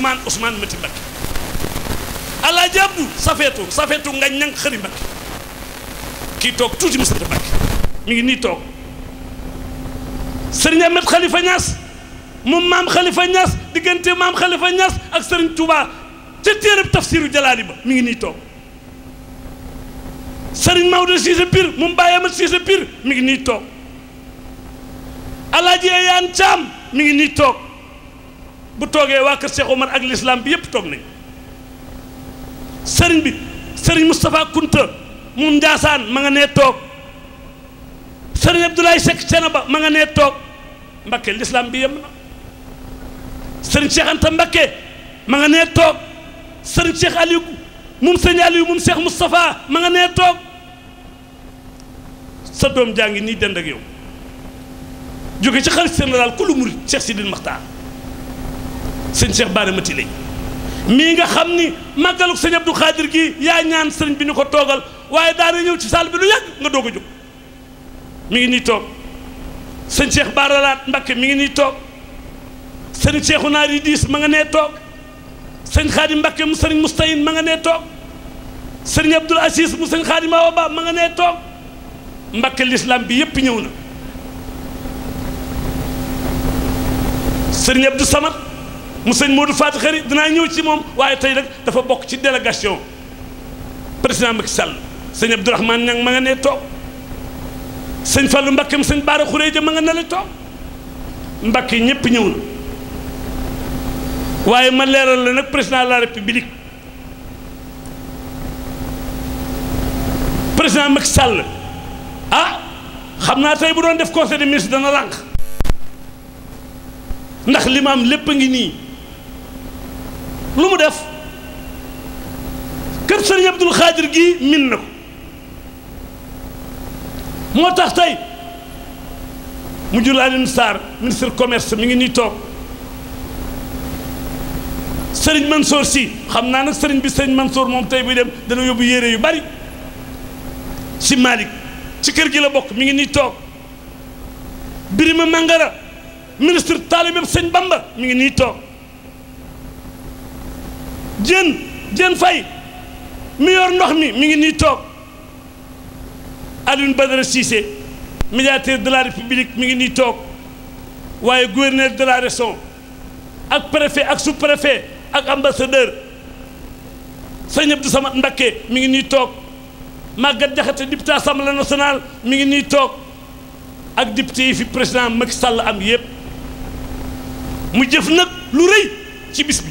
Ousmane Ousmane Mati mbak Allah jabu safetu safetu nga Ñang Xëri mbak ki tok tuti musulman mbak mi ngi ni tok Serigne Ahmed Khalifa Niass mu mam Khalifa Niass diggante mam Khalifa Niass ak Serigne Touba ci téréb tafsiru Jalali ba mi ngi ni tok Serigne Maoudou Cissé Pir mu Baye Ahmed Cissé Pir mi ngi ni tok Aladji Eyaan Cham mi ngi ni tok bu toogee waa kër Cheikh Omar ak l'islam bi yëpp toog nañ sëriñ bi sëriñ Moustapha Kunta mu Njaasaan ma nga toog sëriñ Abdoulaye Seck Thiénaba toog Mbakke l'islam bi sëriñ Cheikh Anta Mbakke ma nga nee toog sëriñ Cheikh Aliou moom sëriñ Aliou moom Cheikh Moustapha ma nga nee toog sa doom jaa ngi nii dend ak yow jóge ci xarit général ku lu murit Cheikh Sidil Makhtar sëñ Cheikh Bara Matiley mii nga xam ni màggaluk sëñ Abdou Khadir gi yaa ñaan sëñ bi ñu ko toogal waaye daana ñëw ci saal bi lu yàgg nga doog a jóg mi ngi nii toog sëñ Cheikh Bara Laat Mbakke mi ngi nii toog sëñ Cheikhu Naar yi ma nga nee toog sëñ Xaadim Mbakke mu sëñ Mustayin ma nga nee toog sëñ Abdoul Aziz mu sëñ Xaadim Awa Ba ma nga nee toog Mbakke lislaam bi yépp ñëw na sëñ Abdou Samad mu sëñ Modou Faty xarit dinaa ñëw ci moom waaye tey nag dafa bokk ci délégation président Macky Sall sëñ Abdourahmane Niang ma nga ne toog sëñ Fallou Mbacké mu sëñ Baara Khourédia ma nga ne la toog Mbacké ñëpp ñëw na waaye ma leeral la nag président de la république président Macky Sall ah xam naa tey bu doon def conseil des ministres dana lànk ndax limaam lépp a ngi nii lu mu def kër sëriñ Abdul Xaadir gii min na ko moo tax tey mu jur Alioune Sarr ministre commerce mi ngi nii toog sëriñ Mansour si xam naa nag sëriñ bi sëriñ Mansour moom tey buy dem dana yóbbu yére yu bari si Malick ci kër gi la bokk mi ngi nii toog Birima Mangara ministre taalibe sëñ Bamba mi ngi nii toog jën jën fay mi ndox mi mi ngi nii toog Alioune Badara Cissé médiateur de la république mi ngi nii toog waaye gouverneur de la région ak préfet ak sous ak ambassadeur sëñ Abdou Samad Mbacké mi ngi nii toog Magatte Diakhaté député assemblée nationale mi ngi nii toog ak député yi fi président Macky sàll am yëpp mu jëf nag lu rëy ci bis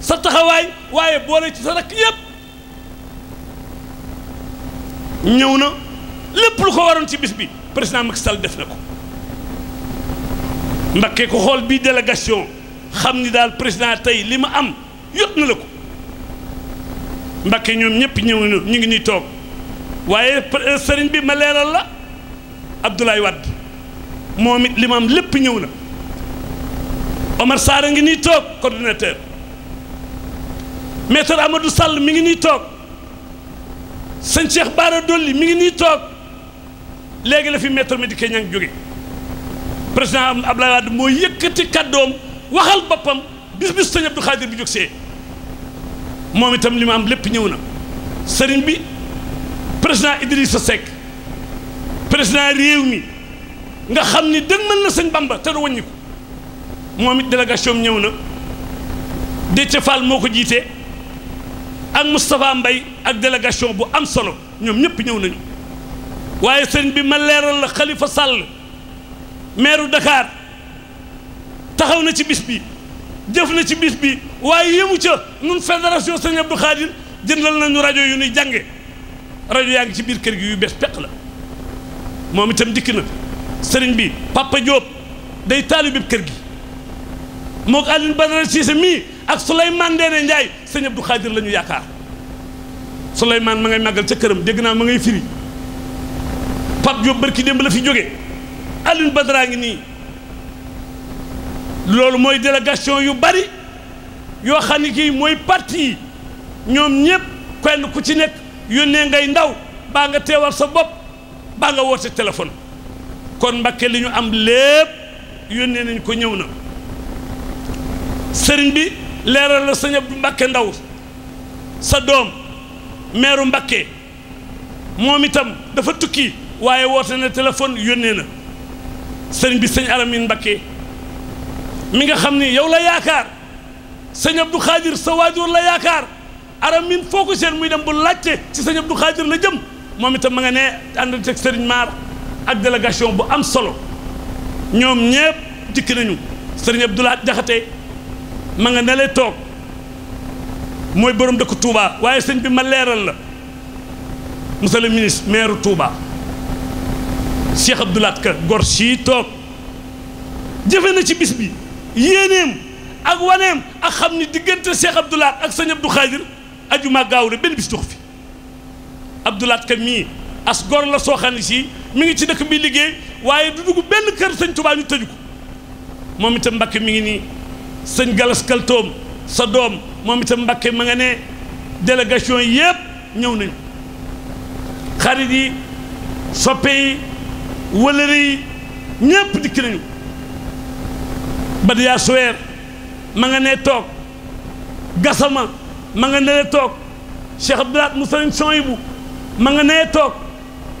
sa taxawaay waaye boole ci sa rakk yépp ñëw na lépp lu ko waroon ci bis bi président Macky sal def na ko Mbacké ko xool bii délégation xam ni daal président tey li ma am yot na la ko Mbacké ñoom ñëpp ñëw na ñu ngi nuy toog waaye euh, sëriñ bi ma leeral la Abdoulaye Wade moom it li ma am lépp ñëw na Omar Sarr ngi nii toog coordinateur maître amadu Sall mi ngi nii toog sëñ Cheikh Bara Dolli mi ngi nii toog léegi la fi maître Madické Niang jóge président Abdoulaye Wade moo yëkkati kàddoom waxal boppam bis bis sëñ Abdou Khadir bi jóg see moom itam li ma am lépp ñëw na sëriñ bi président Idrissa Seck président réew mi nga xam ni dëgmal na sëñ Bamba te du wàññi moom it délégation ñëw na Déthié Fall moo ko jiitee ak Moustapha mbay ak délégation bu am solo ñoom ñëpp ñëw nañu waaye sëriñ bi ma leeral la xalifa Sall maire Dakar taxaw na ci bis bi jëf na ci bis bi waaye yemu ca nun fédération sëriñ Abdou Khadir jëndal nañu rajo yu ñuy jànge rajo yaa ngi ci biir kër gi yu bees peq la moom itam dikk na sëriñ bi Papa Diop day taalibib kër gi moo ko Alioune Badara Cissé mii ak Souleymane Ndéné Ndiaye sëñ Abdou Khadir la ñu yaakaar Souleymane ma ngay màggal ca këram dégg naa ma ngay firi Pape Diop barki démb la fi jóge Alioune Badara nii loolu mooy délégation yu bari yoo xam ne kii mooy parti yi ñoom ñëpp kenn ku ci nekk yónnee ngay ndaw baa nga teewal sa bopp baa nga woote téléphone kon Mbàkke li ñu am lépp yónnee nañ ko ñëw na sëriñ bi leeral la sëñ Abdou Mbakke Ndaw sa doom meeru Mbakke moom itam dafa tukki waaye woote na téléphone yónnee na sëriñ bi sëñ Alamine Mbakke mi nga xam ni yow la yaakaar sëñ Abdou Khadir sa waajur la yaakaar Alamine foo ko seen muy dem bu laajte ci sëñ Abdou Khadir la jëm moom itam ma nga ne ànd teg sëriñ Maar ak délégation bu am solo ñoom ñépp dikk nañu sëriñ Abdoulaye Jaxate ma nga ne lay toog mooy borom dëkk Touba waaye sëñ bi ma leeral la monsieur le ministre maire Touba Cheikh Abdou Lahad gor sii toog jëfe na ci bis bi yéeneem ak waneem ak xam ni diggante Cheikh Abdou ak sëñ Abdou Khadir ajuma gaaw la benn bis dox fi Abdou Lahad Ka mii as gor la soo xam ne sii mi ngi ci dëkk bi liggéey waaye du dugg benn kër sëñ Touba ñu tëju ko moom itam Mbàkke mi ngi nii. sëñ Galas Kaltoom sa doom moom itam Mbàkke ma nga ne délégation yëpp ñëw nañ xarit yi soppe yi wëlëri yi ñëpp dikk nañu Badiya Suweer ma nga ne toog Gasama ma nga toog Cheikh Abdoulaat Moussa Soyibu ma nga ne toog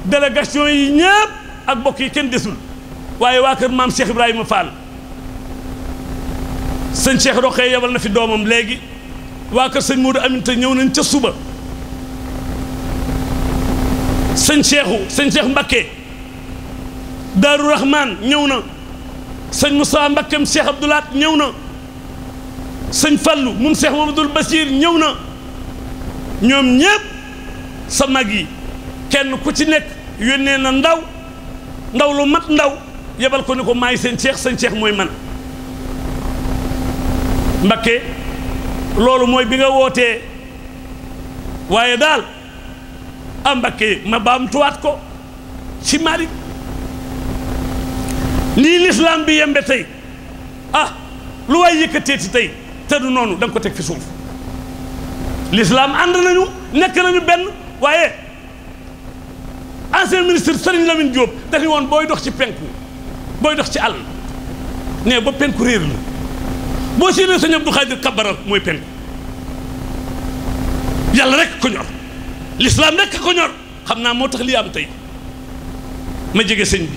délégation yi ñëpp ak bokk yi kenn desul waaye waa kër maam Cheikh Ibrahima Fall sëñ Cheikh Roqee yebal na fi doomam léegi waa kër sëñ Modou Aminta ñëw nañ ca suba sëñ Cheikhu sëñ Cheikh Mbakke Daaru Rahman ñëw na sëñ Moussa Mbakkem Cheikh Abdoulaat ñëw na sëñ Fallou moom Cheikh Mamadou Bachir ñëw na ñoom ñépp sa mag yi kenn ku ci nekk yónnee na ndaw ndaw lu mat ndaw yebal ko ni ko maay seen Cheikh seen Cheikh mooy man Mbakke loolu mooy bi nga wootee waaye daal a Mbakke ma baamtuwaat ko si Malick lii lislaam bi yembe tey ah lu waay yëkkatee ci tey te du noonu da ko teg fi suuf lislaam ànd nañu nekk nañu benn waaye ancien ministre Serigne Lamine Diop dañu woon booy dox ci penku booy dox ci àll ne ba penku réer la boo séenee sëñ Abdou Khadir kabaral mooy penku yàlla rek ko ñor lislaam rek ko xam naa moo tax lii am tey ma jege sëñ bi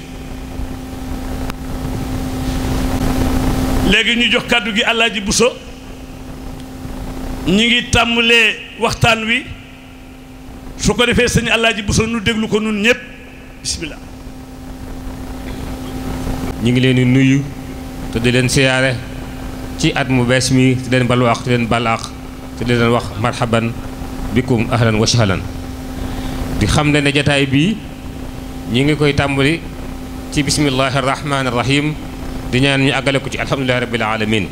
léegi ñu jox kàddu gi Alaaji Buso ñu ngi tàmbalee waxtaan wi su ko defee sëñ Alaaji Buso nu déglu ko nun ñëpp bisimilah. ñu ngi leen di nuyu te di leen siyaare ci at mu bees mi di leen bal wax di leen bal àq te leen wax marhaban bikum ahlan wa sahlan di xam ne ne jataay bii ñu ngi koy tàmbali ci bismillahi rahmaani rahim di ñaan ñu àggale ko ci alhamdulilahi rabbil alamin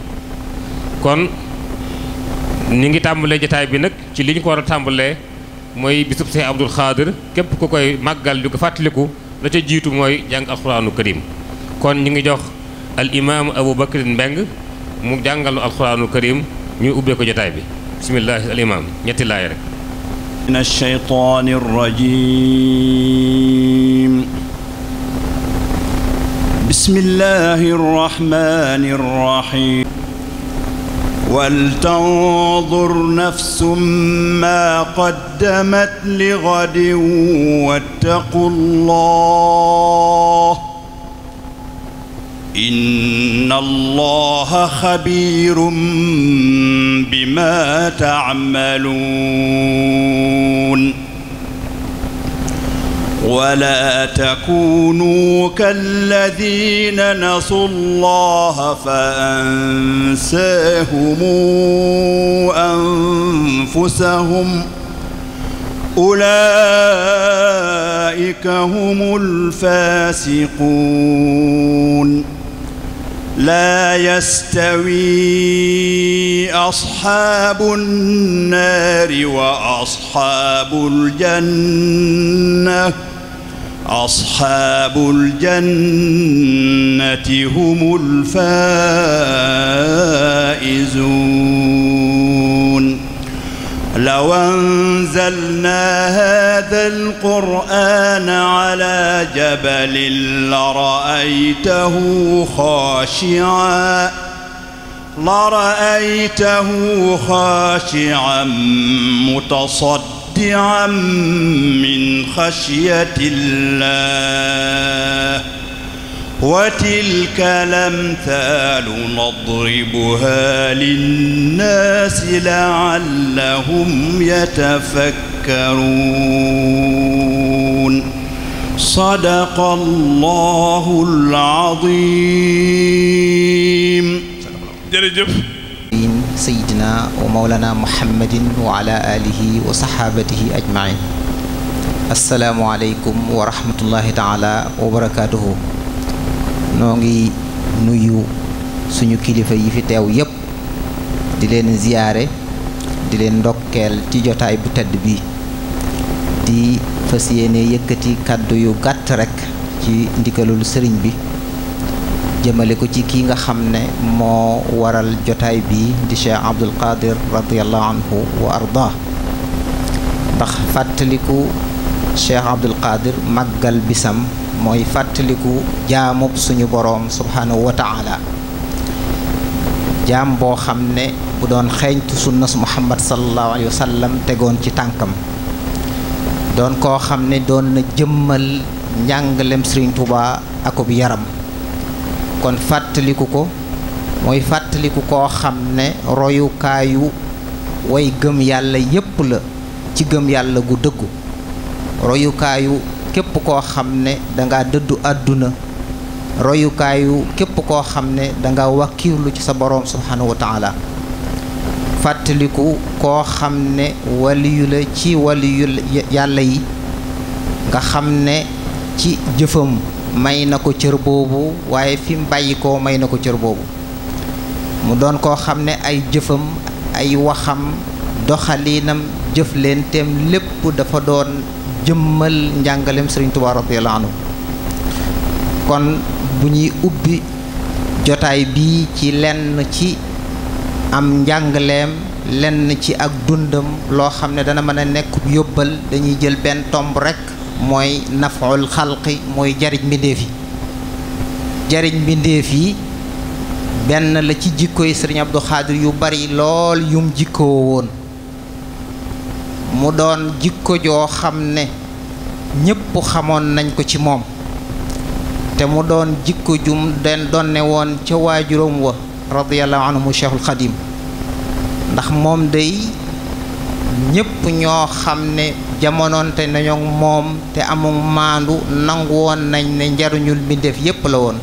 kon ñu ngi tàmbalee jataay bi nag ci li ñu ko war a tàmbalee mooy bisub Seex Abdul Xaadir képp ku koy màggal di ko fàttaliku la ca jiitu mooy jàng alxuraanu karim kon ñu ngi jox al imam Abou Bakrin Mbeng mu jàngal nu alxuraanul karim ñu ubbee ko jotaay bi al imam ñetti laay rek من الشيطان ولتنظر نفس ما قدمت لغد واتقوا الله إن الله خبير بما تعملون ولا تكونوا كالذين نسوا الله فأنساهم أنفسهم أولئك هم الفاسقون لا يستوي أصحاب النار وأصحاب الجنة أصحاب الجنة هم الفائزون لو أنزلنا هذا القرآن على جبل لرأيته خاشعا لرأيته خاشعا متصدعا من خشية الله وتلك الأمثال نضربها للناس لعلهم يتفكرون صدق الله العظيم جرجف سيدنا ومولانا محمد وعلى آله وصحابته أجمعين السلام عليكم ورحمة الله تعالى وبركاته noo ngi nuyu suñu kilifa yi fi teew yépp di leen ziyaare di leen ndokkeel ci jotaay bu tedd bi di fas yéene yëkkati kàddu yu gàtt rekk ci ndikalul sëriñ bi jëmale ko ci kii nga xam ne moo waral jotaay bii di Cheikh Abdul Qadir radiallahu anhu wa arda ndax fàttaliku Cheikh Abdul Qadir màggal bisam mooy fàttaliku jaamub suñu boroom subhaanahu wa taala jaam boo xam ne bu doon xeeñtu sunnas muhammad sallallahu alayhi wa sallam tegoon ci tànkam doon koo xam ne doon na jëmmal njàngalem Sëriñ ako akub yaram kon fàttaliku ko mooy fàttaliku koo xam ne royukaayu woy gëm yàlla yépp la ci gëm yàlla gu dëggu royukaayu képp koo xam ne danga dëddu àdduna royukaayu képp koo xam ne danga wax wakkiirlu ci sa boroom subhaanahu wa taala fàttaliku koo xam ne waliyu la ci waliyu yàlla yi nga xam ne ci jëfam may na ko cër boobu waaye fi mu bàyyi koo may na ko cër boobu mu doon koo xam ne ay jëfam ay waxam doxalinam jëflenteem lépp dafa doon jëmmal njàngaleem Serigne Touba radiyallahu kon bu ñuy ubbi jotaay bii ci lenn ci am njàngaleem lenn ci ak dundam loo xam ne dana mën a nekk yóbbal dañuy jël benn tomb rekk mooy nafaul xalqi mooy jariñ mbindéef yi jariñ mbindéef yi benn la ci jikko yi Serigne Abdou yu bari lool yum jikkoo woon mu doon jikko joo xam ne ñépp xamoon nañ ko ci moom te mu doon jikko jum den donne woon ca waajuram wa radiyallahu anhu mu cheikhul xadim ndax moom day ñépp ñoo xam ne jamonoonte nañu moom te amul maandu nangu woon nañ ne njariñul mbindeef yépp la woon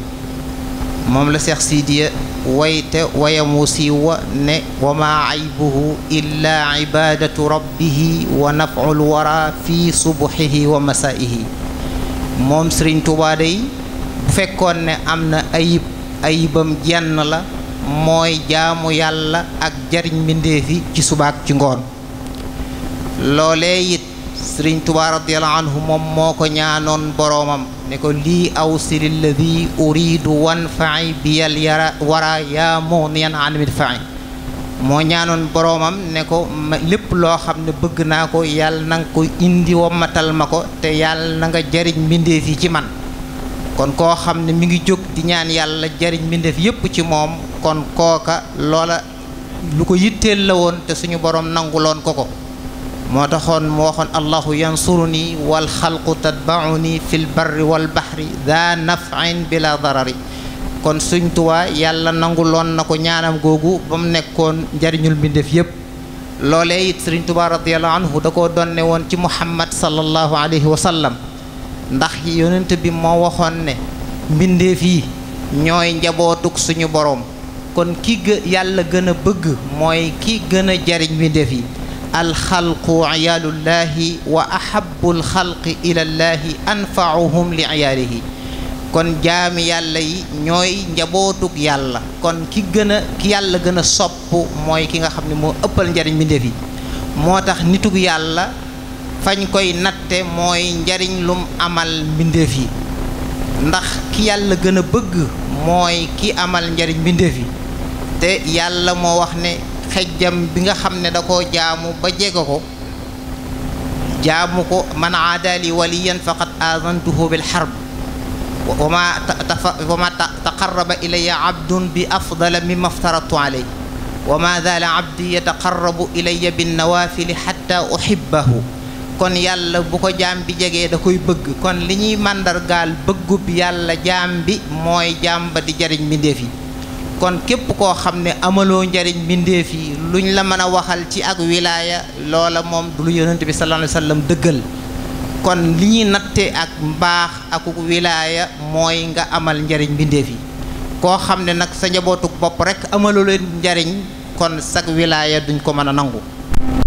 moom la Cheikh Sidiya ويت ويموسي ون وما عيبه إلا عبادة ربه ونفع الورى في صبحه ومسائه موم سرين توبا فكون امنا ايب ايبم جان لا موي جامو يالا اك جارين مندي في كي جنون كي لولاي سرين توبا رضي الله عنه موم موكو ne ko lii awsi lilladi uridu wan fai biyal yara wara yaa mughniyan anil fai moo ñaanoon boroomam ne ko lépp loo xam ne bëgg naa ko yàlla nanga ko indi wammatal ma ko te yàlla nanga jariñ mbindeef yi ci man kon koo xam ne mi ngi jóg di ñaan yàlla jariñ mbindeef yépp ci moom kon kooka loola lu ko yitteel la woon te suñu boroom nanguloon ko ko موتخون موخون الله ينصرني والخلق تتبعني في البر والبحر ذا نفع بلا ضرر كون سيغ توا يالا نانغولون نكو نيانام غوغو بام نيكون جارنيول بيندف ييب لولاي سيغ توبا رضي الله عنه داكو دوني وون تي محمد صلى الله عليه وسلم ndax yonent bi mo waxon ne minde fi ñoy njabotuk suñu borom kon ki yalla gëna bëgg moy ki gëna jariñ minde fi الخلق عيال الله وأحب الخلق إلى الله أنفعهم لعياله كون جام yàlla نوي ñooy njabootug كون كي ki كي a ki صوب موي كيغا خامني مو اوبل nga مي ديفي موتاخ نيتوك njariñ mbindéef كوي ناتي موي nitug لوم عمل مي ديفي lum amal ndax ki yàlla gëna bëgg moy ki amal ndariñ mbindéef te yàlla mo wax ne xejjam bi nga xam ne da koo jaamu ba jege ko jaamu ko man aadaali waliyan faqad aadantuhu bil xarb wa ma taqarraba ilaya abdun bi afdala mimma aftaradtu alayhi wa ma zaala abdi yataqarrabu ilaya binnawaafili hatta uhibbahu kon yàlla bu ko jaam bi jegee da koy bëgg kon li ñuy màndargaal bëggub yàlla jaam bi mooy jaam ba di jariñ mbindéef yi kon képp koo xam ne amaloo njariñ mbindeef yi lu luñ la mën a waxal ci ak wilaaya loola moom du lu yonent bi sallallahu alayhi wa dëggal kon li ñuy natte ak mbaax akuk wilaaya mooy nga amal njariñ mbindeef yi koo xam ne nag sa njabootuk bopp rek amaloo leen njariñ kon sag wilaaya duñ ko mën a nangu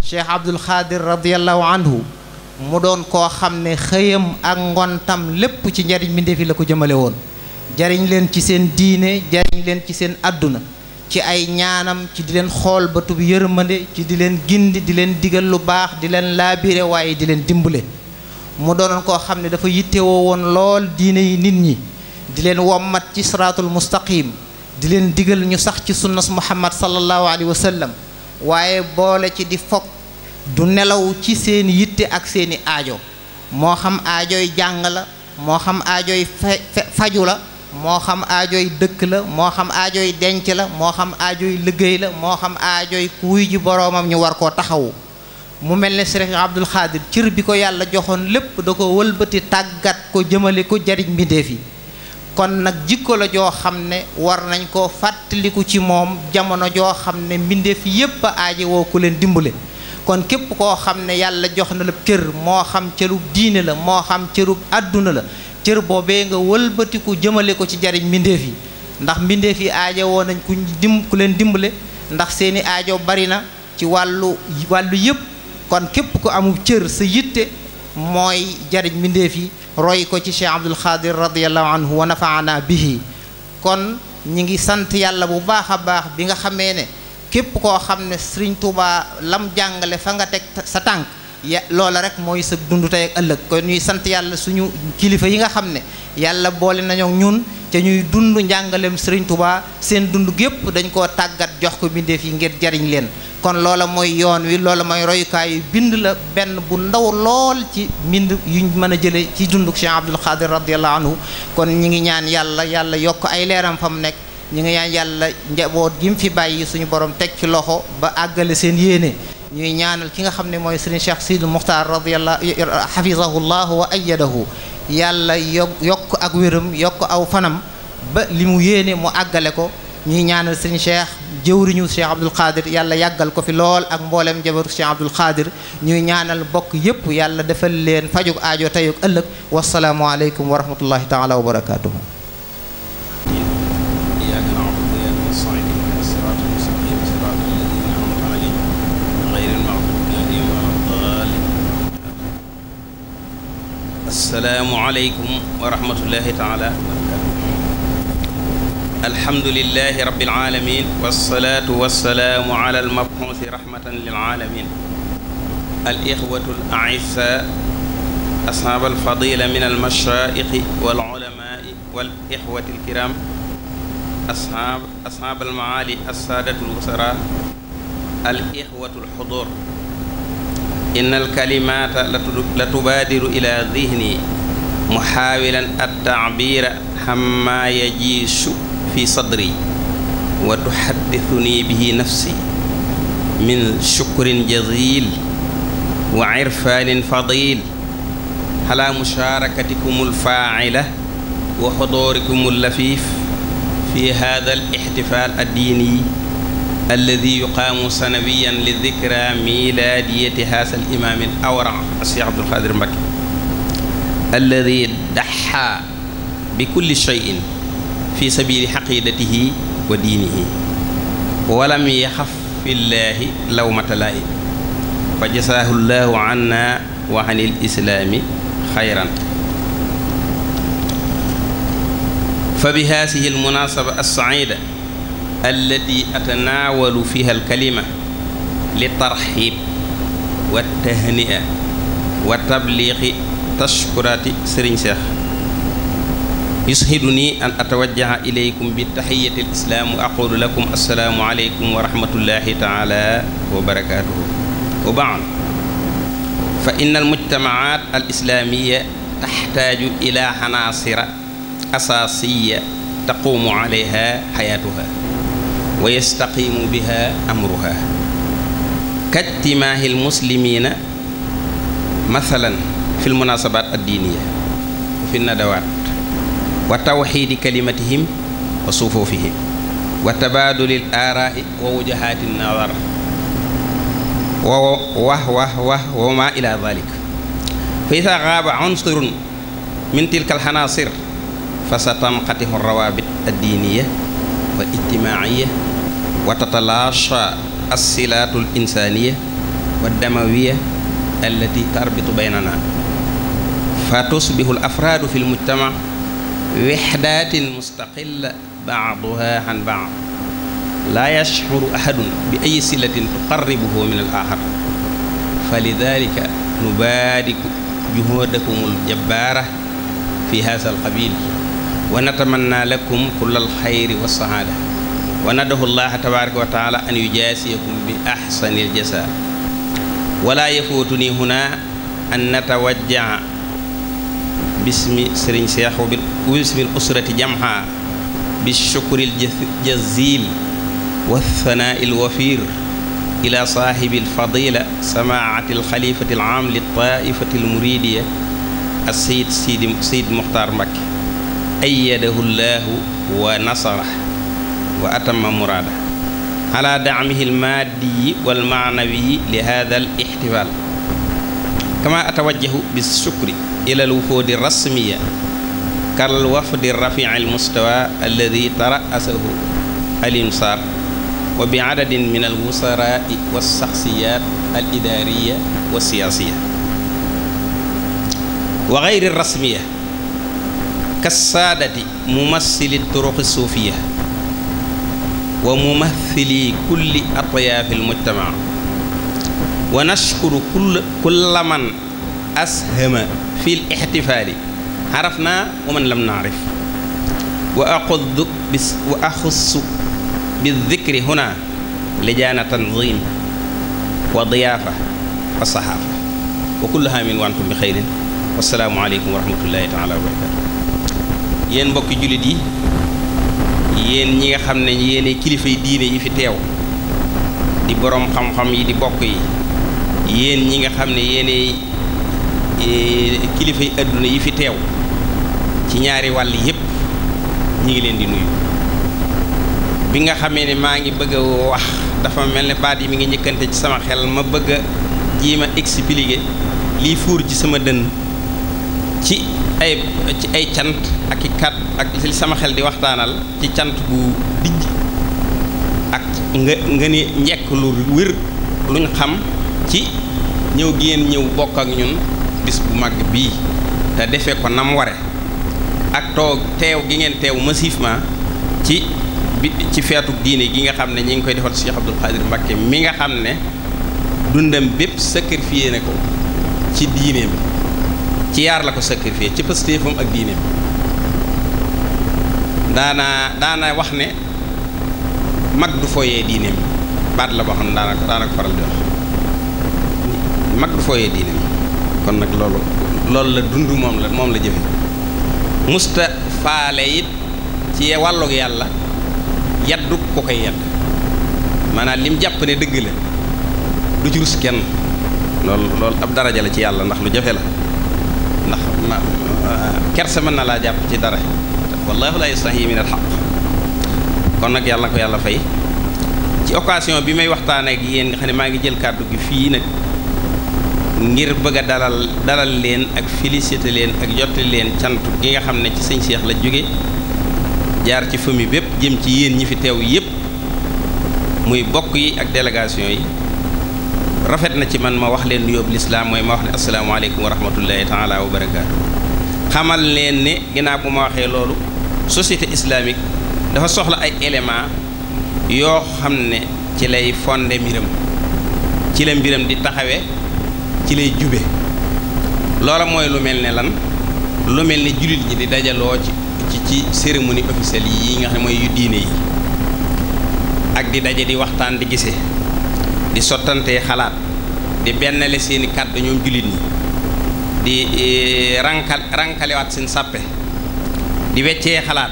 Cheikh Abdul Xaadir radiallahu anhu mu doon koo xam ne xëyam ak ngontam lépp ci njariñ mbindeef yi la ko jëmale woon jariñ leen ci seen diine jariñ leen ci seen àdduna ci ay ñaanam ci di leen xool ba tub yërmande ci di leen gind di leen digal lu baax di leen laabire waaye di leen dimbale mu doonoon koo xam ne dafa yittewoo woon lool diine yi nit ñi di leen wommat ci siraatul mustaqim di leen digal ñu sax ci sunnas muhammad sallallahu alayhi wa sallam waaye boole ci di fokk du nelaw ci seen yitte ak seeni aajo moo xam aajoy jàng la moo xam aajooy faju la moo xam aajooy dëkk la moo xam aajooy denc la moo xam aajooy liggéey la moo xam aajooy kuuy ji boroomam ñu war koo taxawu mu mel ne Sëriñ Abdul Xaadir cër bi ko yàlla joxoon lépp da ko wëlbati tàggat ko jëmale ko jariñ mbindéef yi kon nag jikko la joo xam ne war nañ koo fàttaliku ci moom jamono joo xam ne mbindéef yépp aaje woo ku leen dimbale kon képp koo xam ne yàlla jox na la cër moo xam cërub diine la moo xam cëru àdduna la cër boobee nga walbatiku jëmale ko ci jariñ mbindeef yi ndax mbindeef yi aajo woon nañ ku dim ku leen dimbale ndax seeni aajo bari na ci wàllu wàllu yëpp kon képp ku amul cër sa yitte mooy jariñ mbindeef yi roy ko ci Cheikh Abdul Xaadir radiallahu anhu wa nafaana bihi kon ñi ngi sant yàlla bu baax a baax bi nga xamee ne képp koo xam ne Sëriñ Tuubaa lam jàngale fa nga teg sa tànk ya loola rek mooy sa dund tey ak ëllëg kon ñuy sant yàlla suñu kilifa yi nga xam ne yàlla boole nañoo ñun ca ñuy dund njàngaleem Serigne Touba seen dund gépp dañ ko tàggat jox ko bindeef yi ngir jariñ leen kon loola mooy yoon wi loola mooy royukaay yu bind la benn bu ndaw lool ci mbind yuñ mën a jële ci dund Cheikh Abdoul Khadir radiyallahu anhu kon ñi ngi ñaan yàlla yàlla yokk ay leeram fa mu nekk ñi ngi ñaan yàlla njaboot gi mu fi bàyyi suñu borom teg ci loxo ba àggale seen yéene ñuy ñaanal ki nga xam ne mooy sëriñ Cheikh Sidou Muxtaar radiyallahu xafisahullahu wa ayyadahu yàlla yokk ak wéram yokk aw fanam ba li mu yéene mu àggale ko ñuy ñaanal sëriñ Cheikh jëwriñu Cheikh Abdoul Khadir yàlla yàggal ko fi lool ak mboolem jabaru Cheikh Abdoul Khadir ñuy ñaanal bokk yépp yàlla defal leen fajug aajo tayug ëllëg wasalaamualeykum wa rahmatullahi taala wa barakaatuhu السلام عليكم ورحمة الله تعالى الحمد لله رب العالمين والصلاة والسلام على المبعوث رحمة للعالمين الإخوة الأعزاء أصحاب الفضيلة من المشائق والعلماء والإخوة الكرام أصحاب أصحاب المعالي السادة الوزراء الإخوة الحضور إن الكلمات لتبادر إلى ذهني محاولا التعبير عما يجيش في صدري وتحدثني به نفسي من شكر جزيل وعرفان فضيل على مشاركتكم الفاعلة وحضوركم اللفيف في هذا الاحتفال الديني الذي يقام سنويا للذكرى ميلادية هذا الإمام الأورع السي عبد القادر مكي الذي ضحى بكل شيء في سبيل حقيدته ودينه ولم يخف في الله لومة لائم فجزاه الله عنا وعن الإسلام خيرا فبهذه المناسبة السعيدة التي أتناول فيها الكلمة للترحيب والتهنئة والتبليغ تشكراتي سرين شيخ يسهدني أن أتوجه إليكم بالتحية الإسلام وأقول لكم السلام عليكم ورحمة الله تعالى وبركاته وبعد فإن المجتمعات الإسلامية تحتاج إلى عناصر أساسية تقوم عليها حياتها ويستقيم بها أمرها كاتماه المسلمين مثلا في المناسبات الدينية وفي الندوات وتوحيد كلمتهم وصفوفهم وتبادل الآراء ووجهات النظر ووه وه وه وما إلى ذلك فإذا غاب عنصر من تلك العناصر فستنقطع الروابط الدينية والاجتماعية وتتلاشى الصلات الإنسانية والدموية التي تربط بيننا فتصبح الأفراد في المجتمع وحدات مستقلة بعضها عن بعض لا يشعر أحد بأي صلة تقربه من الآخر فلذلك نبارك جهودكم الجبارة في هذا القبيل ونتمنى لكم كل الخير والسعادة وندعو الله تبارك وتعالى أن يجازيكم بأحسن الجزاء ولا يفوتني هنا أن نتوجع باسم سرين سياحو باسم الأسرة جمعها بالشكر الجزيل والثناء الوفير إلى صاحب الفضيلة سماعة الخليفة العام للطائفة المريدية السيد سيد, سيد مختار مك أيده الله ونصره وأتم مراده على دعمه المادي والمعنوي لهذا الاحتفال كما أتوجه بالشكر إلى الوفود الرسمية كالوفد الرفيع المستوى الذي ترأسه الإنصار وبعدد من الوزراء والشخصيات الإدارية والسياسية وغير الرسمية كالسادة ممثل الطرق الصوفية وممثلي كل أطياف المجتمع ونشكر كل كل من أسهم في الاحتفال عرفنا ومن لم نعرف وأخذ وأخص بالذكر هنا لجان تنظيم وضيافة وصحافة وكلها من وأنتم بخير والسلام عليكم ورحمة الله تعالى وبركاته يين بوك جولي دي يين نيغا خامن xam ne yéene kilifa yi diine yi fi teew di boroom xam-xam yi yéen ñi nga xam ne yéenay eh, kilifa yi àdduna yi fi teew ci ñaari wàll yépp ñi ngi leen di nuyu bi nga xamee ne maa ngi bëgg a wax dafa mel ne baat yi mi ngi njëkkante ci sama xel ma bëgg a jii ma expliquer lii fuur ci sama dënn ci ay cant ak i kat ak sama xel di waxtaanal ci cant bu dijj ak nga nga ne njekk lu wér luñ xam ci ñëw gi ngeen ñëw bokk ak ñun bis bu mag bii te defe ko nam ware ak toog teew gi ngeen teew massivement ci bi ci feetu diine gi nga xam ne ñi ngi koy defal Cheikh Abdoul Khadir Mbacké mi nga xam ne dundam bépp sacrifié ne ko ci diineem ci yaar la ko sacrifié ci pastéefam ak diineem daana daana wax ne mag du foyee diineem baat la boo xam ne daana daana ko faral di mag du fooyee diine kon nag loolu loolu la dund moom la moom la jëfe musta faale it ci wàllug yàlla yaddu ko koy yadd maanaam lim jàpp ne dëgg la du ci rus kenn lool lool ab daraja la ci yàlla ndax lu jafe la ndax kerse mën na laa jàpp ci dara wallaahu laa yastahi min al xaq kon nag yàlla ko yàlla fay ci occasion bi may waxtaan ak xam ne maa ngi jël kàddu gi fii nag ngir bëgg a dalal dalal leen ak félicité leen ak jottali leen cantu gi nga xam ne ci sëñ Cheikh la jóge jaar ci famille bépp jëm ci yéen ñi fi teew yépp muy bokk yi ak délégation yi rafet na ci man ma wax leen nuyoob lislaam mooy ma wax ne asalaamaaleykum wa rahmatullahi taala wa barakaatu xamal leen ne ginnaaw bu ma waxee loolu société islamique dafa soxla ay éléments yoo xam ne ci lay fonde mbiram ci la mbiram di taxawee ci lay jube loola mooy lu mel ne lan lu mel ne jullit ñi di dajaloo ci ci ci cérémonie yi nga xam ne mooy yu diine yi ak di daje di waxtaan di gise di sottante xalaat di bennale seeni kàddu ñoom jullit ñi di e, rankal rankalewaat seen sàppe di weccee xalaat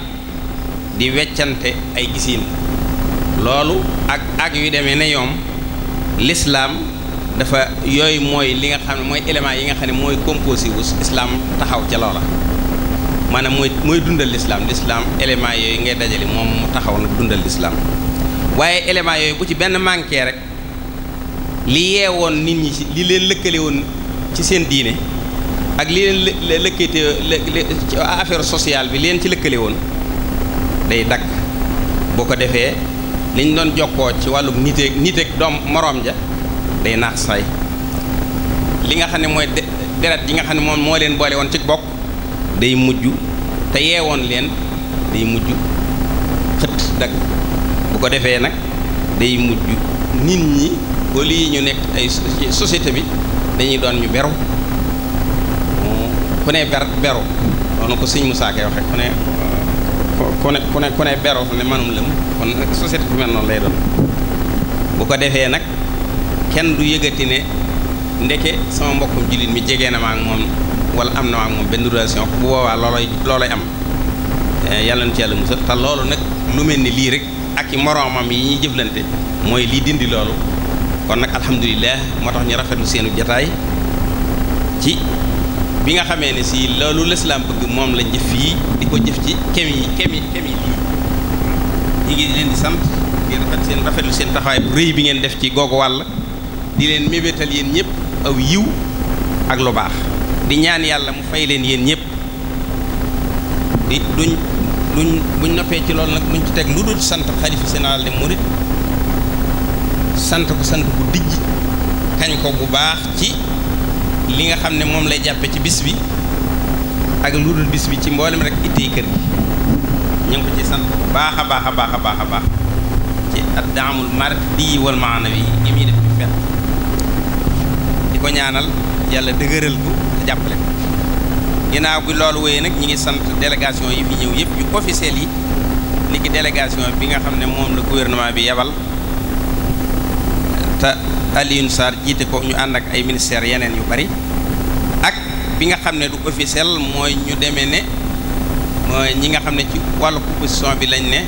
di weccante ay gisiin loolu ak ak yu demee ne yoom lislaam dafa yooyu mooy li nga xam ne mooy élément yi nga xam ne mooy composé wu islam taxaw ca loola maanaam mooy mooy dundal lislaam lislaam élément yooyu ngay dajale moom mu taxaw nag dundal lislaam waaye élément yooyu bu ci benn manqué rek li woon nit ñi ci li leen lëkkale woon ci seen diine ak li leen lëkkate ci affaire sociale bi leen ci lëkkale woon day dakk boo ko defee liñ doon jokkoo ci wàllum niteeg niteeg doom moroom ja day naax saay li nga xam ne mooy deret yi nga xam ne moom moo leen boole woon ci bokk day mujj te yeewoon leen day mujj xët dag bu ko defee nag day mujj nit ñi au lieu ñu nekk ay société bi dañuy doon ñu beru ku ne ber beru noonu ko sëñ mu Kay waxe ku ne ku ne ku ne ku ne beru ne manum lëm kon société bi mel noonu lay doon bu ko defee nag kenn du yëgati ne ndeke sama mbokkum jullit mi jege na ma ak moom wala am na ma ak moom benn relation bu boobaa loolay loolay am eh, yàlla na ci yàlla musal te loolu nag lu mel ni lii rek ak i moroomam yi jëflante mooy lii dindi loolu kon nag alhamdulilah moo tax ñu lu seenu jataay ci bi nga xamee ne si loolu lislaam bëgg moom la jëf yi di ko jëf ci kem yi kem yi kem yi lii ñu ngi leen di sant di rafet seen rafetlu seen taxawaay bu rëy bi ngeen def ci googu wàll di leen mébétal yeen ñëpp aw yiw ak lu baax di ñaan yàlla mu fay leen yéen ñëpp di duñ duñ buñ noppee ci loolu nag duñ ci teg lu dul sant xalifa général des sant ko sant bu dijj kañ ko bu baax ci li nga xam ne moom lay jàppe ci bis bi ak lu dul bis bi ci mboolem rek ittey kër gi ñu ngi ko ci sant bu baax a baax a baax a baax a baax ci addaamul mardi wal maanawi yi muy def ci fenn ko ñaanal yàlla dëgëral ko jàppale ko bi lool wéyee nag ñi ngi sant délégation yi fi ñëw yëpp yu officiel yi ni ki délégation bi nga xam ne moom la gouvernement bi yebal te Alioune Sarr jiite ko ñu ànd ak ay ministères yeneen yu bari ak bi nga xam ne du officiel mooy ñu demee ne mooy ñi nga xam ne ci wàllu opposition bi lañ ne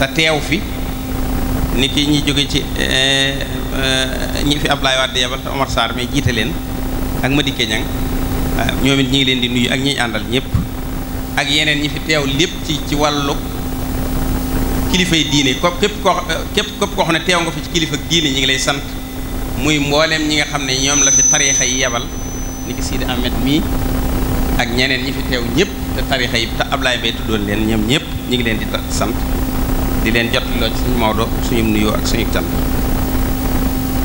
te teew fi ni ñi jóge ci eh, Euh, ñi fi Ablaye Wade yebal te Omar Sarr mais jiite leen ak Madické Niang ñoom it ñu ngi leen di nuyu ak ñi àndal ñëpp ak yeneen ñi fi teew lépp ci ci wàllu kilifay diine ko képp koo képp xam ne teew nga fi ci kilifa diine ñi ngi lay sant muy mbooleem ñi nga xam ne ñoom la fi tariixa yi yebal ni ki Sidi Ahmed mii ak ñeneen ñi fi teew ñëpp te tariixa yi te Ablaye Bay tuddoon leen ñoom ñëpp ñu ngi leen di sant di leen jot loo ci suñu Maodo suñu nuyoo ak suñu cant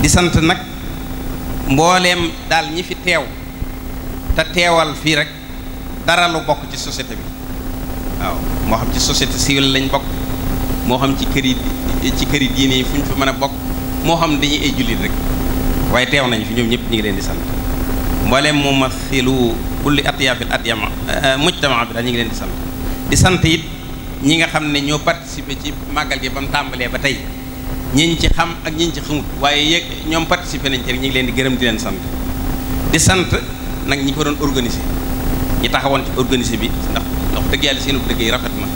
di sant nag mbooleem daal ñi fi teew te teewal fii rek dara lu bokk ci société bi waaw moo xam ci société civile lañ bokk moo xam ci kër yi ci kër yi diine yi fu ñu fa mën a bokk moo xam di ay jullit rek waaye teew nañ fi ñoom ñëpp ñu ngi leen di sant mbooleem mu ma filu kulli atyaafil atyama eh, mujtama bi daal ñu ngi leen di sant di sant it ñi nga xam ne ñoo participé ci màggal gi ba mu tàmbalee ba tey ñiñ ci xam ak ñi ci xamut waaye ñoom participé nañ ci rek ñu ngi leen di gërëm di leen sant di sant nag ñi ko doon organisé ñi taxawoon ci organisé bi ndax wax dëgg yàlla seenu liggéey rafet na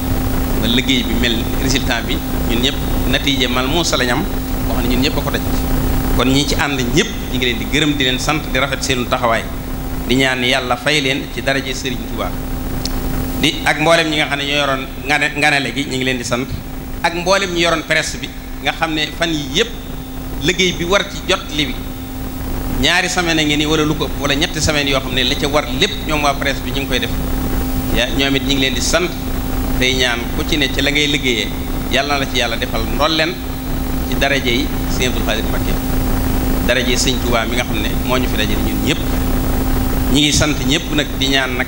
ba liggéey bi mel résultat bi ñun ñëpp natiije mal moo salañam wax ne ñun ñëpp ko daj kon ñi ci ànd ñëpp ñi ngi leen di gërëm di leen sant di rafet seenu taxawaay di ñaan yàlla fay leen ci daraje Serigne Touba di ak mboolem ñi nga xam ne ñoo yoroon ngane nganale gi ñu ngi leen di sant ak mboolem ñu yoroon presse bi nga xamné ne fan yi yépp liggéey bi war ci jot li bi ñaari semaine ngeen ni wala lu ko wala ñett semaine yo xamné ne la ci war lepp ñom wa presse bi ñing koy def ya ñomit ñing leen di sante tey ñaan ku ci ne ci la ngay liggéeyee yalla na la ci yalla defal ndolleen ci daraaje yi sëñ abdou Xaadir Mbakke daraaje sëñ touba mi nga xamné ne fi dajé ñun ñepp ñi ngi sante ñepp nak di ñaan nak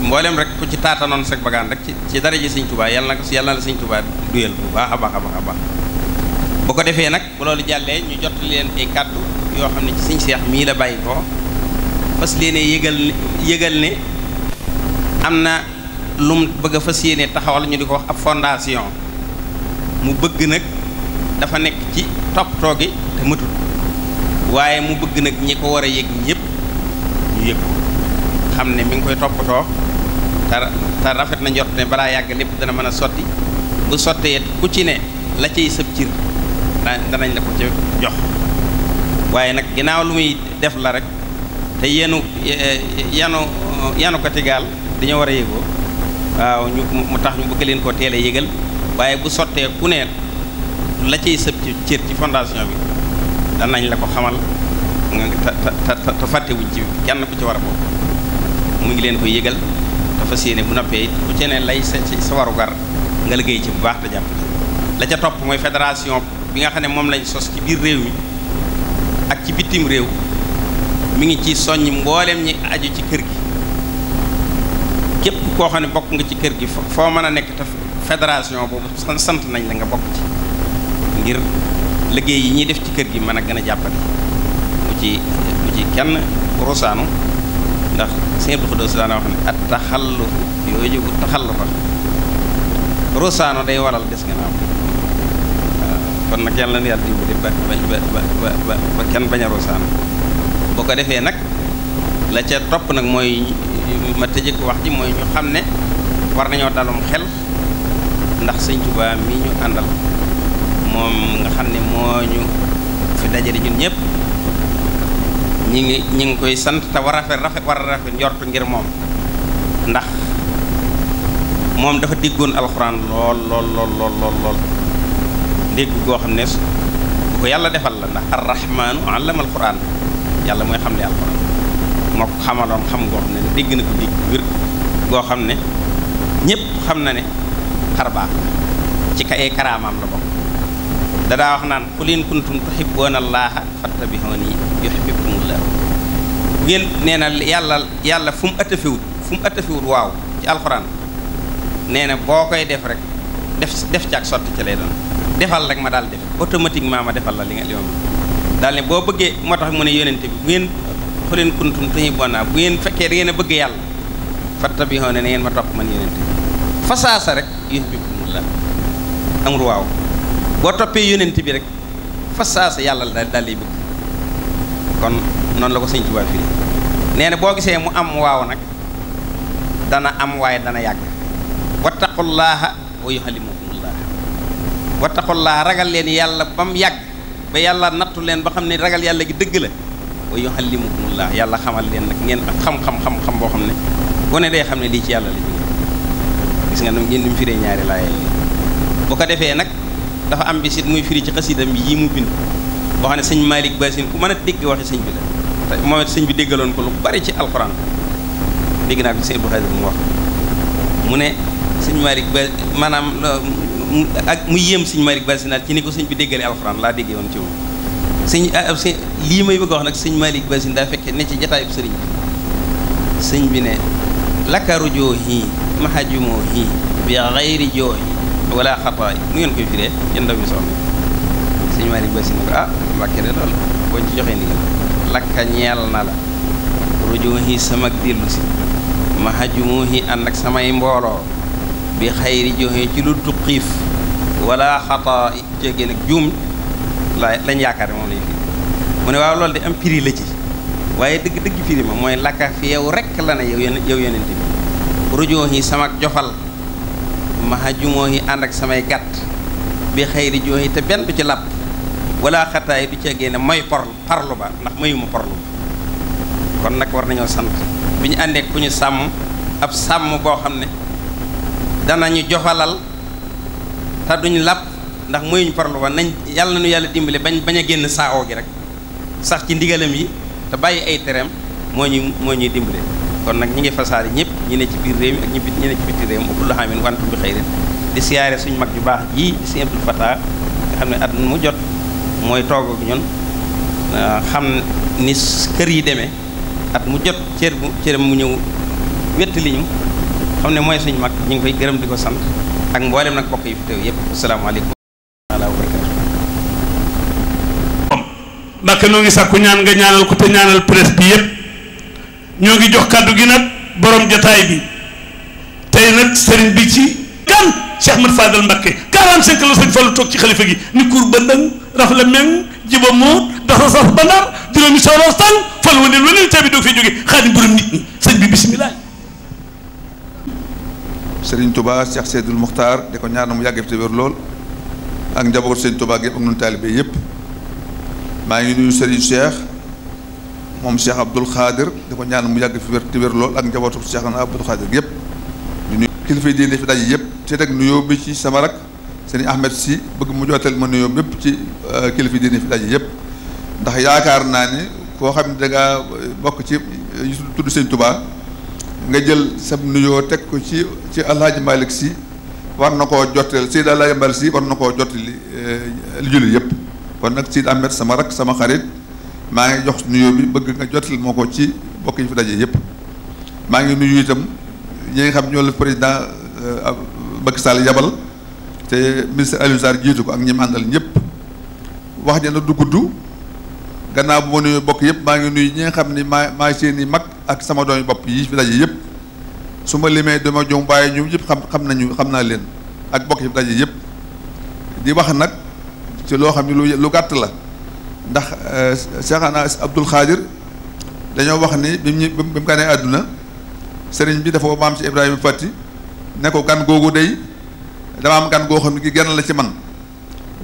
mbollem rek ku ci non sag bagan rek ci daraaje daraje touba yalla nak yalla la sëñ touba duyel bu baaxa baaxa baaxa a boo ko defee nag bu loolu jàllee ñu jot leen ay kàddu yoo xam ne ci sëñ Seex mii la bàyyi ko fas leen yëgal ne am na lum bëgg a fas yéene taxawal ñu di ko wax ab fondation mu bëgg nag dafa nekk ci toppatoo gi te matul waaye mu bëgg nag ñi ko war a yëg ñëpp ñu yëg ko xam ne mu ngi koy toppatoo te te rafet na njort ne balaa yàgg lépp dana mën a sotti bu sottee ku ci ne la cay sëb cir danañ la ko ci jox waaye nag ginnaaw lu muy def la rek te yenu yanu yanu ko tigaal dañoo war a yéegoo waaw ñu mu tax ñu bëgg leen koo teel a yëgal waaye bu sottee ku ne la cay sëb ci cër ci fondation bi danañ la ko xamal nga te te te fàttewuñ ci kenn ku ci war a bokk mu ngi leen ko yëgal dafa séene bu noppee it ku ci ne lay sa sa warugar nga liggéey ci bu baax te jàpp la ca topp mooy fédération. bi nga xam ne moom lañ sos ci biir réew yi ak ci bitim réew mu ngi ci soññ mbooleem ñi aju ci kër gi képp koo xam ne bokk nga ci kër gi foo mën a nekk te fédération boobu sant nañ la nga bokk ci ngir liggéey yi ñuy def ci kër gi mën a gën a jàppale mu ci mu ci kenn rusaanu ndax sëñ Abdou Khoudoss daana wax ne at taxallu yooyu bu taxallu ba rusaanu day waral des gannaaw kon nag yàlla na yàlla dimbali ba ba ba ba ba kenn bañ a ruusaan boo ko defee nag la ca topp nag mooy ma tëjee ko wax ji mooy ñu xam ne war nañoo dalum xel ndax sëñ Tuubaa mi ñu àndal moom nga xam ne moo ñu fi dajale ñun ñëpp ñi ngi ñi ngi koy sant te war a rafet war a rafet njort ngir moom ndax moom dafa diggoon alxuraan lool lool lool lool lool dégg goo xam ne su ko yàlla defal la ndax arrahmaanu allama alquran yàlla mooy xam le alquran moo ko xamaloon xam goo xam ne dégg na ko dégg wér goo xam ñépp xam na ne xar ci ka ay karaamaam la bokk dadaa wax naan qul in kuntum tuhibbuuna allaaha fattabi'uuni yuhbibkumullaah ngeen nee yàlla yàlla fum mu attafewut fu mu attafewut waaw ci alquran nee na boo koy def rek def def ci ak sotti ci lay doon defal rek ma dal def automatiquement ma defal la li nga li ma dal ne bo beugé motax mo ne yonenté bi bu ngeen xolen kuntum tañu bona bu ngeen fekkee da ngeen beug yalla yàlla fatta bi ne ngeen ma top man rek bi la bi rek yalla la dal li beug kon non la ko sëñ Tuubaa firi nee mu am waw nak, dana am waaye dana yag wattaqullaha wa yuhalimu laa ragal leen yàlla ba mu yàgg ba yàlla nattu leen ba xam ne ragal yàlla gi dëgg la boo mu laa yàlla xamal leen nag ngeen ak xam-xam xam-xam boo xam ne gone day xam ne lii ci yàlla la jóge gis nga nu ngeen di firee ñaari laay bu ko defee nag dafa am bisit muy firi ci xasidam yi mu bind boo xam ne sëñ Malick Bassine ku mën a dégg waxi sañ bi la te moom it sëñ bi déggaloon ko lu bari ci alxuraan dégg naa ko sëñ bu Xaadir mu wax mu ne sëñ Malick ak mu yem seigne malik bassinat ci ni ko sëñ bi deggal alcorane sin déggee won ci wu seigne li may bëgg wax nak seigne malik bassin da fekke ne ci jotaay bi seigne bi ne lakaru joo hii bi ghairi wala xataay mu ngeen koy firé yéen ndaw yi soxna sëñ Malick ko ah mbàkke de lol bo ci joxé ni lakka ñeal na la rujoo hii sama dellu si samay mbolo bi xayri joxe ci lu du xiif wala xata jóge nag juum lañ yaakaar moom lañu fi de am firi la ci waaye dëgg dëgg firi ma mooy lakka rek la ne yow yow yonente bi rujoo yi sama jofal maxa jumoo yi ànd ak samay gàtt bi xayri yi te benn du ci làpp wala xataay du ci génne mooy parlu ba ndax mayuma porlu kon nag war nañoo sant bi ñu àndeek ku ñu sàmm ab sàmm boo xam ne danañu jofalal te duñ làpp ndax muyuñ parlu ba nañ yàlla na nu yàlla dimbale bañ bañ a génn saawoo gi rek sax ci ndigalam yi te bàyyi ay tereem moo ñu moo ñuy dimbale kon nag ñi ngi fasaari ñëpp ñi ne ci biir réew mi ak ñi ñi ne ci biti réew mi kullu xaamin wantu bi xëyrin di siyaare suñ mag ju baax yii si Abdul Fataa nga xam ne at mu jot mooy toog ak ñun ah, xam ni kër yi demee at mu jot cër bu cëram mu ñëw wettali ñu xam ne mooy suñu mag ngi fay gërëm di ko sant ak mboolem nag bokk yi fi yëpp asalaamaaleykum wa noo ngi sàkku ñaan nga ñaanal ko te ñaanal presse bi yëpp ñoo ngi jox kàddu gi nag borom jotaay bi tey nag sëriñ bi ci gan Cheikh Mat Fadal Mbàkke 45 la sëñ Fallu toog ci xalifa gi ni kuur bëndëng raf la meng jiba muut dafa saf bandar juróomi soolos tan fal waneel waneel caabi doog fee jóge xaadim borom nit ñi sëñ bi bisimilah سرين توبا شيخ سيد المختار ديكو نيار نمو ياغي فتبير لول اك نجابو سرين توبا جيب اك نتالي بي يب ما ينوي سرين شيخ موم شيخ عبد الخادر ديكو نيار نمو ياغي فتبير لول اك نجابو شيخ عبد الخادر يب كل في دين لي فداي يب تيتك نيو بي سي سمارك سرين احمد سي بغ مو جوتال ما نيو بيب سي كل في دين لي فداي يب داخ ياكار ناني كو خامني داغا بوك سي يوسف تودو nga jël sab nuyoo teg ko ci ci alhaaji Malick si war na ko jotteel Seydi alhaaji Malick si war na koo jottali eh, li jullit yëpp kon nag Seydi Ahmed sama rak sama xarit maa ngi jox nuyoo bi bëgg nga jottali moo ko ci bokk yi fi dajee yëpp maa ngi nuyu itam ñi xam ñoo la président eh, Macky Sall yabal te ministre Alioune Sarr jiitu ko ak ñi mu àndal ñëpp wax ja na du gudd gannaaw bu ma nuyu bokk yëpp maa ngi nuyu ñi nga xam ni maa maa seen i mag ak sama doomi bopp yi fi daje yëpp su ma limee dama jom waaye ñoom yëpp xam xam nañu xam naa leen ak bokk ci daje yëpp di wax nag ci loo xam ne lu lu gàtt la ndax euh, Cheikhana Abdul Xaadir dañoo wax ni bi mu bi àdduna sëriñ bi dafa maam ci Ibrahima Fati ne ko gan googu day dama am gan goo xam ne gi genn la ci man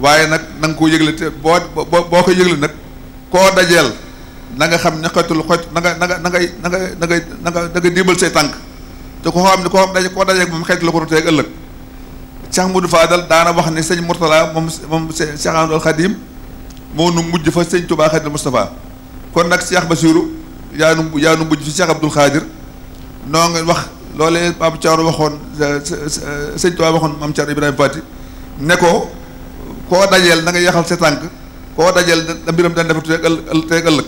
waaye nag na nga koo yëgle te boo boo ko yëgle nag koo dajeel na nga xam ne xetul xet na nga na nga na ngay na nga na nga na diibal say tànk te ko xam ne ko daje koo dajeeg moom xeet la ko roteeg ëllëg Cheikh Modou Fadal daana wax ne sëñ Mourtala moom moom Cheikh Amadou Khadim moo nu mujj fa sëñ Touba Khadim Moustapha kon nag Cheikh Bassirou yaa nu yaa nu mujj fi Cheikh Abdoul Khadir noo ngi wax loolee Pape Thiaro waxoon sëñ Touba waxoon Mame Thiaro Ibrahima Fati ne ko koo dajeel na nga yaxal sa tànk koo dajeel da mbiram daan def teeg ëllëg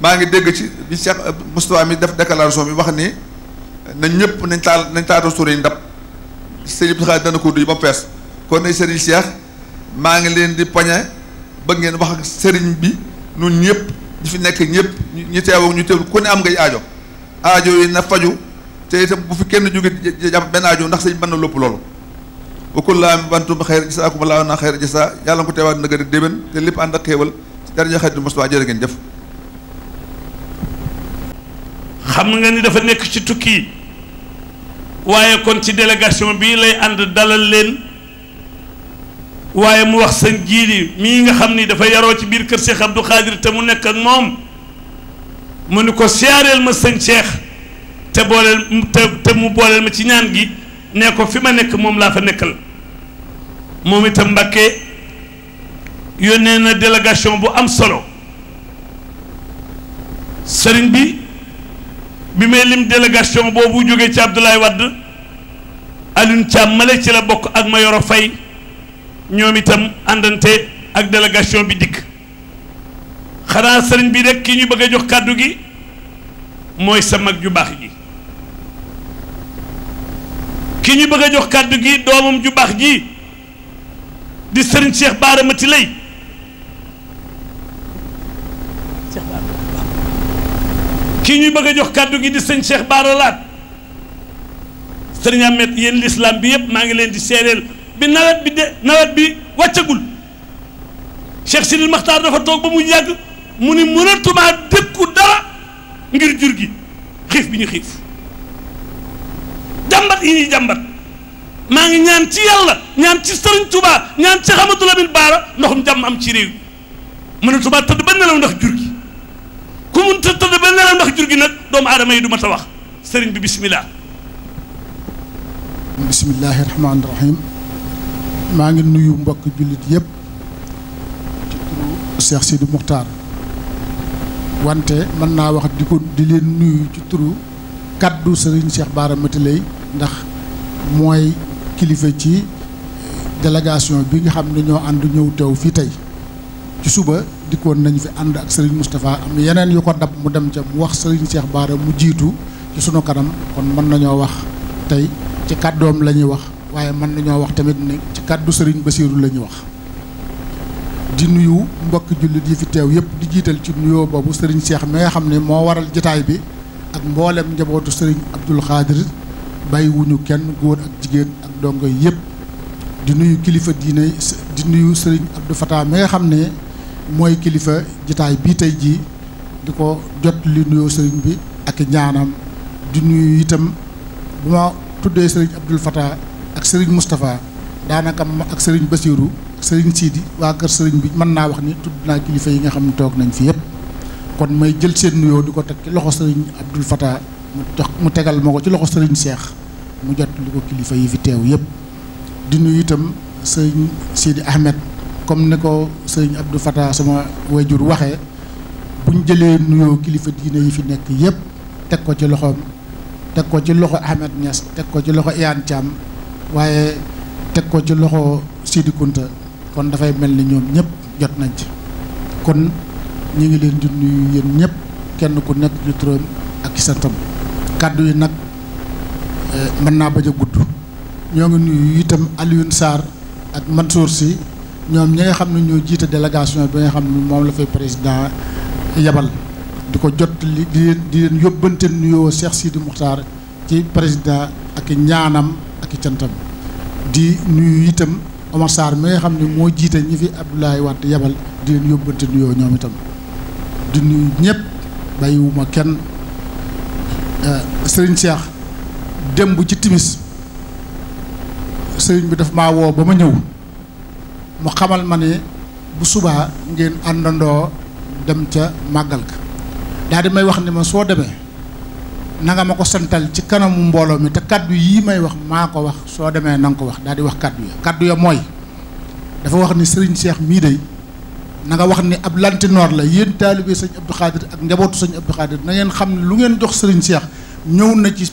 maa ngi dégg ci bi Cheikh Moustapha mi def déclaration bi wax ni nañ ñëpp nañ taal nañ taal restaurant yi ndab sëriñ bi dana ko duy ba fees kon ay sëriñ Cheikh maa ngi leen di poñe bëgg ngeen wax ak sëriñ bi ñun ñëpp ñi fi nekk ñëpp ñu teewoo ñu teewul ku ne am ngay aajo aajo yi na faju te itam bu fi kenn jóge jàpp benn ndax sëñ mën na lépp loolu wakul laa bantum xayra jisaakum laa na xayra jisa yàlla na ko teewaat na gën a déwén te lépp ànd ak xéewal jërëjëf xarit Moustapha ngeen jëf xam na nga ni dafa nekk ci tukki waaye kon ci délégation bii lay ànd dalal leen waaye mu wax seen jiili mii nga xam ni dafa yaroo ci biir kër Cheikh Abdou Khadir te mu nekk moom mu ni ko siyaareel ma sëñ Cheikh te booleel te ma ci ñaan gi ne ko fi ma nekk moom laa fa nekkal moom itam Mbàkke yónnee na délégation bu am solo sëriñ bi bi may lim délégation boobu jógee ci Abdoulaye Wade Alioune Thiam male ci la bokk ak ma Mayoro Faye ñoom itam àndante ak délégation bi dikk xanaa sëriñ bi rek ki ñu bëgg a jox kàddu gi mooy sa mag ju baax ji ki ñu bëgg a jox kàddu gi doomam ju baax ji di sëriñ Cheikh Baara Mati lay ki ñuy bëgg a jox kàddu gi di sëñ Cheikh Bara Laat sëriñ Ahmed yéen l'islam bi yëpp maa ngi leen di seedeel bi nawet bi de nawet bi wàccagul Cheikh Sidil Maxtaar dafa toog ba mu yàgg mu ni mënatumaa dékku dara ngir jur gi xiif bi ñu xiif jàmbat yi ñuy jàmbat maa ngi ñaan ci yàlla ñaan ci Sëriñ Tuubaa ñaan ci Ahmadu Lamin Baara ndoxum jàmm am ci réew mënatumaa tëdd ba nelaw ndax jur gi ku mun ta tëdd ba nelaw ndax jur gi nag doomu aadama du ma ta wax sëriñ bi bismillah bismillahi rahmaani rahim maa ngi nuyu mbokk jullit yëpp ci turu Cheikh Sidi Muxtaar wante mën naa wax di ko di leen nuyu ci turu kaddu sëriñ Cheikh Bara Matiley ndax mooy kilifa ci eh, délégation bi nga xam ñoo ànd ñëw teew fii tey ci suba dikkoon nañ fi ànd ak Serigne Moustapha am yeneen yu ko dab mu dem ca mu wax Serigne Cheikh Bara mu jiitu ci sunu kanam kon mën nañoo wax tey ci kàddoom la ñuy wax waaye mën nañoo wax tamit ne ci kàddu Serigne Bassirou la wax. di nuyu mbokk jullit yi fi teew yëpp di jiital ci nuyoo boobu sëriñ seex mi nga xam ne moo waral jataay bi ak mboolem njabootu sëriñ Abdoul Khadir bàyyiwuñu kenn góor ak jigéen ak dongo yëpp di nuyu kilifa diine di nuyu Serigne Abdou Fatah mi nga xam ne. mooy kilifa jitaay bii tey jii di ko jot li nuyoo sëriñ bi ak ñaanam di nuyu itam bu ma tuddee sëriñ Abdul Fatah ak sëriñ Moustapha daanaka ak sëriñ Basiiru ak sëriñ Siidi waa kër sëriñ bi mën naa wax ni tudd naa kilifa yi nga xam ne toog nañ fi yëpp kon may jël seen nuyoo di ko teg ci loxo sëriñ Abdul Fatah mu jox mu tegal ma ko ci loxo sëriñ Cheikh mu jot li ko kilifa yi fi teew yëpp di nuyu itam sëriñ Siidi Ahmed. comme ni ko sëñ Abdou Fatah sama wayjur waxee buñ jëlee nuyoo kilifa diine yi fi nekk yépp teg ko ci loxoom teg ko ci loxo Ahmed Niass teg ko ci loxo Iyane Thiam waaye teg ko ci loxo Sidi kon dafay mel ni ñoom ñëpp jot nañ ci kon ñu ngi leen di nuyu yéen ñëpp kenn ku nekk ci turam ak santam kàddu yi nag eh, mën naa bañ a gudd ñoo ngi nuyu itam Alioune Sarr ak Mansour si ñoom ñi nga xam ne ñoo jiite délégation bi nga xam ne moom la fay président yabal di ko jot li di leen di leen yóbbante nuyoo Cheikh Sidi Moukhtar ci président ak ñaanam ak cantam di nuyu itam Omar Sarr mi nga xam ne moo jiite ñi fi Abdoulaye wat yabal di leen yóbbante nuyoo ñoom itam di nuyu ñëpp bàyyiwuma kenn eh, sëriñ Cheikh démb ci timis sëriñ bi daf maa woo ba ma ñëw mu xamal ma ne bu suba ngeen àndandoo dem ca màggal ka daal di may wax ni ma soo demee na nga ma ko santal ci kanamu mbooloo mi te kaddu yii may wax maa ko wax soo demee na nga ko wax daal di wax kaddu ya kaddu ya mooy dafa wax ni Serigne Cheikh mii day na nga wax ni ab la yéen taalibe sëñ Abdou Khadir ak njabootu sëñ Abdou Khadir na ngeen xam lu ngeen jox Serigne Cheikh ñëw na ci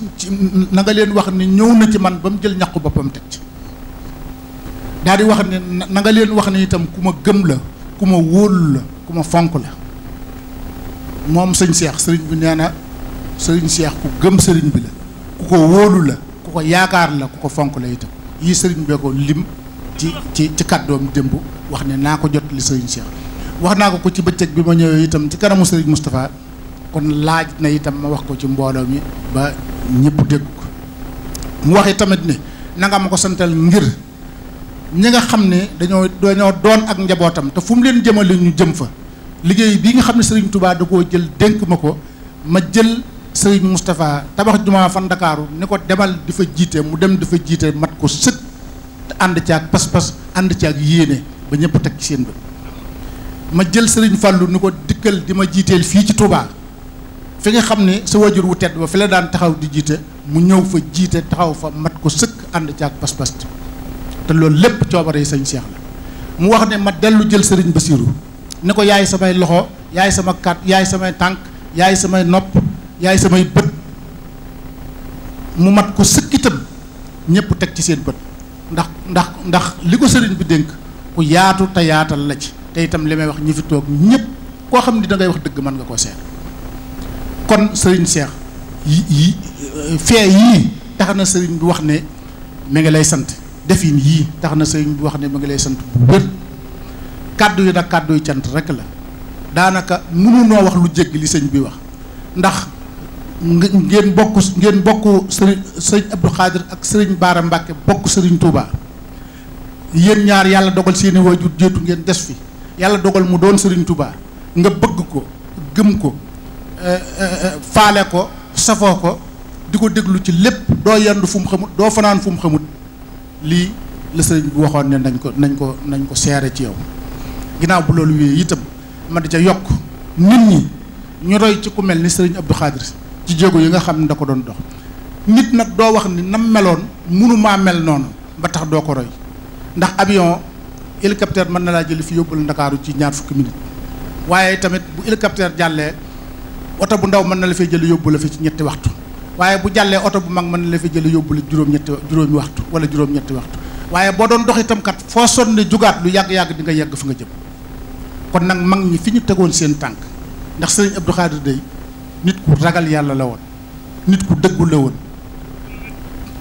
na nga leen wax ni ñëw na ci man ba mu jël ñàqu boppam teg daal di wax ne na nga leen wax ne itam ku ma gëm la ku ma wóolu la ku ma fonk la moom sëñ Cheikh sëriñ bi nee na sëriñ Cheikh ku gëm sëriñ bi la ku ko wóolu la ku ko yaakaar la ku ko fonk la itam yii sëriñ bee ko lim ci ci ci kàddoom démb wax ne naa ko jot li sëriñ Cheikh wax naa ko ko ci bëccëg bi ma ñëwee itam ci kanamu sëriñ Moustapha kon laaj na itam ma wax ko ci mbooloo mi ba ñëpp dégg ko mu wax itamit ne na nga ma ko santal ngir. ñi nga xam ne dañoo dañoo doon ak njabootam te fu mu leen jëmale ñu jëm fa liggéey bii nga xam ne Serigne Touba da koo jël dénk ma ko ma jël Serigne Moustapha tabax jumaa fan Ndakaaru ni ko demal di fa jiite mu dem di jiite mat ko sëkk ànd ci ak pas ànd ci ak yéene ba ñëpp teg ci seen bët ma jël Serigne Fallou ni ko dikkal di ma jiiteel fii ci Touba fi nga xam ne sa wajur wu tedd ba fi la daan taxaw di jiite mu ñëw fa jiite taxaw fa mat ko sëkk ànd ci ak pas-pas. te lool lepp coobare sëñ Cheikh la mu wax ne ma delu jël sëriñ Basiru ne ko yaay samay loxo yaay sama kat yaay samay tank yaay samay nopp yaay samay beut mu mat ko sekkitam ñepp tek ci seen beut ndax ndax ndax liko ko bi denk ku yaatu ta yaatal la ci te itam limay wax ñi fi toog ñëpp koo da ngay wax deug man nga ko seen kon sëriñ Cheikh yi fe yi taxna na bi wax ne mi ngi lay sant defin yii tax na sëriñ bi wax ne ma ngi lay sant bu wér kàddu yi nag kàddu yu rek la daanaka noo wax lu jégg li sëñ bi wax ndax ngeen bokk ngeen bokk sëriñ sëriñ Abdou Khadir ak sëriñ Baara Mbàkke bokk sëriñ Touba yéen ñaar yàlla dogal seeni waajur jiitu ngeen des fi yàlla dogal mu doon sëriñ Touba nga bëgg ko gëm ko euh, euh, faale ko safoo ko di ko déglu ci lépp doo yendu fu xamut doo fanaan fu xamut lii la sëriñ bi waxoon ne nañ ko nañ ko nañ ko seere ci yow ginnaaw bu loolu wéyee itam ma di ca yokk nit ñi ñu roy ci ku mel ni sëriñ Abdou Khadir ci jéego yi nga xam ne da ko doon dox nit nag doo wax ni nam meloon mënumaa mel noonu ba tax doo ko roy ndax avion hélicoptère mën na laa jëli fi yóbbu ndakaaru ci ñaar fukki minute waaye tamit bu hélicoptère jàllee oto bu ndaw mën na la fee jëli yóbbu la fi ci ñetti waxtu waaye bu jàllee oto bu mag mën la fi jële yóbbu la juróom-ñetti juróomi waxtu wala juróom-ñetti waxtu waaye boo doon dox itam kat foo sonn jugaat lu yàgg-yàgg di nga yegg nga jëm kon nag mag ñi fi ñu tegoon seen tànk ndax sëriñ Abdou Khadir day nit ku ragal yàlla la woon nit ku dëggu la woon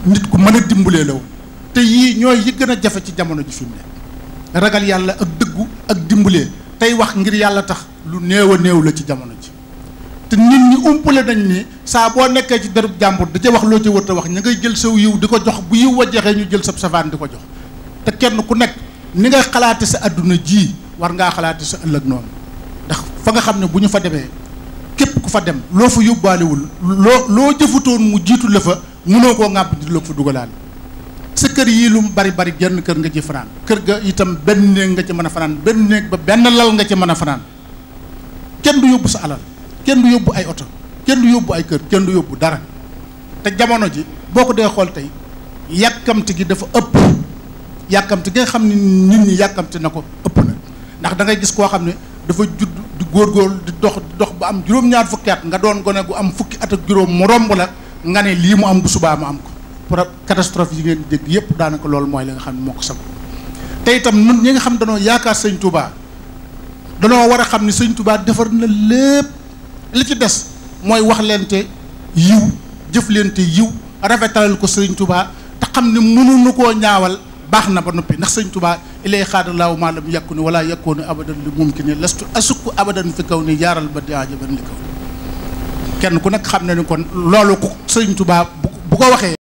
nit ku mën a dimbalee la woon te yii ñooy yi gën a jafe ci jamono ji fi ne ragal yàlla ak dëggu ak dimbalee tey wax ngir yàlla tax lu néew a néew la ci jamono ji sa bo nekk ci dërëb jambour da ci wax lo ci wërta wax ñi ngay jël saw yiw di jox bu yiw wajexé ñu jël sa safaan di jox te kenn ku nekk ni nga xalaati sa aduna ji war nga xalaati sa ëlëk noonu ndax fa nga xamne buñu fa démé képp ku fa dem lo fa lo jëfutoon mu jitu di lo fa sa kër yi lu bari bari genn kër nga ci fanaan kër ga itam ben néeg nga ci mëna a fanaan benn néeg ba ben lal nga ci mëna kenn du yobbu sa alal kenn du yobbu ay auto kenn du yobbu ay kër kenn du yobbu dara te jamono ji boko ko xol tay yakamti gi dafa upp yakamti gi nga nit ñi yakamti nako ko na ndax da ngay gis ko xamni dafa judd di gor di dox dox ba am juroom ñaar fukki at nga doon gone gu am fukki at ak juroom mu romb la nga ne li mu am bu suba mu am ko pour catastrophe yi ngeen deg yépp danaka lool moy li nga xamni moko moo te itam nun ñi nga xam dañoo yaakaar seigne Touba dañoo wara xamni seigne Touba defar na lepp li ci dess mooy wax leente yiw jëf leente yiw rafetalal ko sëriñ tubaa te xam ne mënuñu koo ñaawal baax na ba noppi ndax sëriñ tubaa ilay xaadalaahu maa lam yàkkuni wala yàkkooni abadan li mumkini lastu asukku abadan fi kaw ni jaaral ba diajaban li kaw kenn ku nekk xam ne ni kon loolu ko sëriñ tubaa bu ko waxee